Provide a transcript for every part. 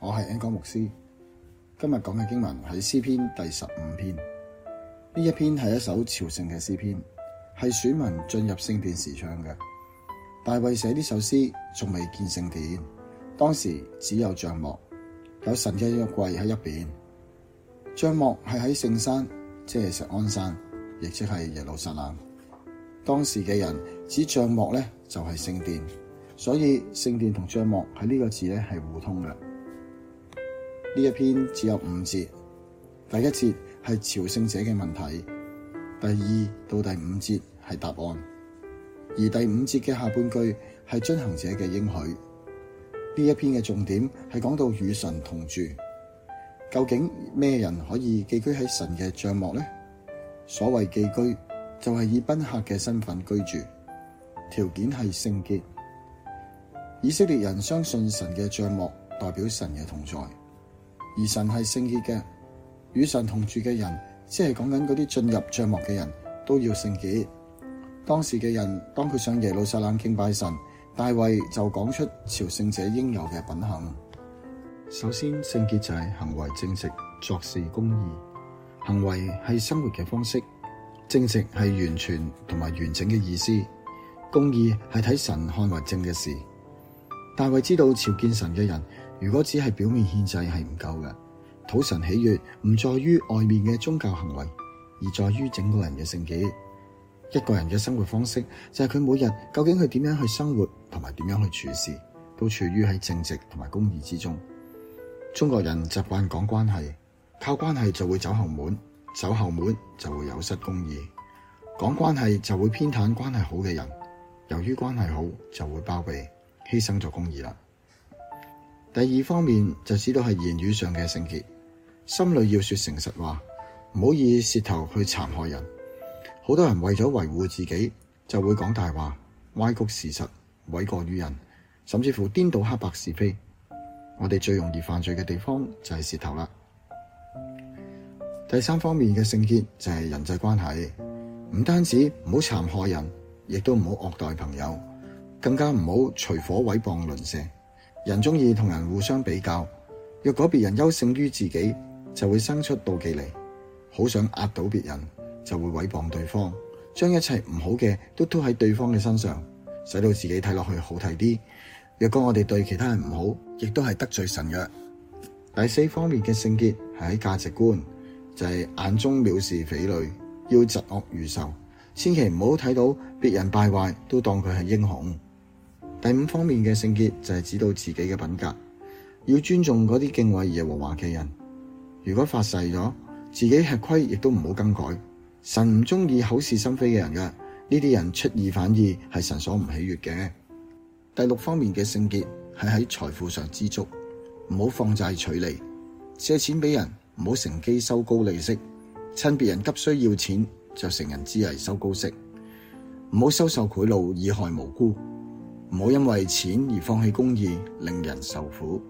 我係 Angus 牧師，今日講嘅經文喺詩篇第十五篇。呢一篇係一首朝聖嘅詩篇，係選民進入聖殿時唱嘅。大衛寫呢首詩仲未建聖殿，當時只有帳幕，有神嘅約櫃喺一邊。帳幕係喺聖山，即係錫安山，亦即係耶路撒冷。當時嘅人指帳幕咧就係聖殿，所以聖殿同帳幕喺呢個字咧係互通嘅。呢一篇只有五節，第一節係朝聖者嘅問題，第二到第五節係答案，而第五節嘅下半句係遵行者嘅應許。呢一篇嘅重點係講到與神同住，究竟咩人可以寄居喺神嘅帳幕呢？所謂寄居就係以賓客嘅身份居住，條件係聖潔。以色列人相信神嘅帳幕代表神嘅同在。而神係聖潔嘅，與神同住嘅人，即係講緊嗰啲進入帳幕嘅人，都要聖潔。當時嘅人，當佢上耶路撒冷敬拜神，大衛就講出朝聖者應有嘅品行。首先，聖潔就係行為正直、作事公義。行為係生活嘅方式，正直係完全同埋完整嘅意思，公義係睇神看為正嘅事。大衛知道朝見神嘅人。如果只係表面獻祭係唔夠嘅，土神喜悅唔在於外面嘅宗教行為，而在於整個人嘅聖潔。一個人嘅生活方式就係佢每日究竟佢點樣去生活同埋點樣去處事，都處於喺正直同埋公義之中。中國人習慣講關係，靠關係就會走後門，走後門就會有失公義。講關係就會偏袒關係好嘅人，由於關係好就會包庇，犧牲咗公義啦。第二方面就知道係言語上嘅聖潔，心裏要說誠實話，唔好以舌頭去殘害人。好多人為咗維護自己，就會講大話，歪曲事實，委過於人，甚至乎顛倒黑白是非。我哋最容易犯罪嘅地方就係舌頭啦。第三方面嘅聖潔就係人際關係，唔單止唔好殘害人，亦都唔好惡待朋友，更加唔好隨夥毀謗鄰舍。人中意同人互相比較，若果別人優勝於自己，就會生出妒忌嚟，好想壓倒別人，就會毀謗對方，將一切唔好嘅都推喺對方嘅身上，使到自己睇落去好睇啲。若果我哋對其他人唔好，亦都係得罪神嘅。第四方面嘅聖潔係喺價值觀，就係眼中藐視匪類，要嫉惡如仇，千祈唔好睇到別人敗壞都當佢係英雄。第五方面嘅聖潔就係指導自己嘅品格，要尊重嗰啲敬畏耶和華嘅人。如果發誓咗，自己吃虧亦都唔好更改。神唔中意口是心非嘅人㗎，呢啲人出爾反爾係神所唔喜悅嘅。第六方面嘅聖潔係喺財富上知足，唔好放債取利，借錢俾人唔好乘機收高利息，趁別人急需要錢就成人之危收高息，唔好收受賄賂以害無辜。唔好因為錢而放棄公義，令人受苦。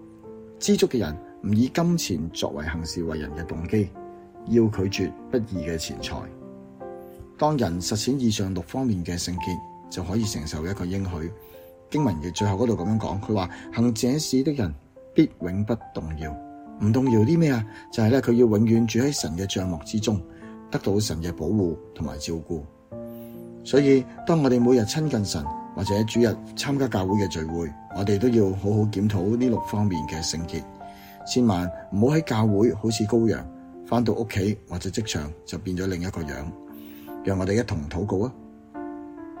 知足嘅人唔以金錢作為行事為人嘅動機，要拒絕不義嘅錢財。當人實踐以上六方面嘅聖潔，就可以承受一個應許。經文亦最後嗰度咁樣講，佢話行這事的人必永不動搖。唔動搖啲咩啊？就係咧，佢要永遠住喺神嘅帳幕之中，得到神嘅保護同埋照顧。所以，當我哋每日親近神。或者主日參加教會嘅聚會，我哋都要好好檢討呢六方面嘅聖潔，千萬唔好喺教會好似羔羊，返到屋企或者職場就變咗另一個樣。讓我哋一同禱告啊，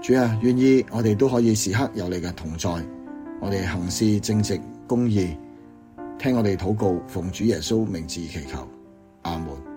主啊，願意我哋都可以時刻有你嘅同在，我哋行事正直公義，聽我哋禱告，奉主耶穌名字祈求，阿門。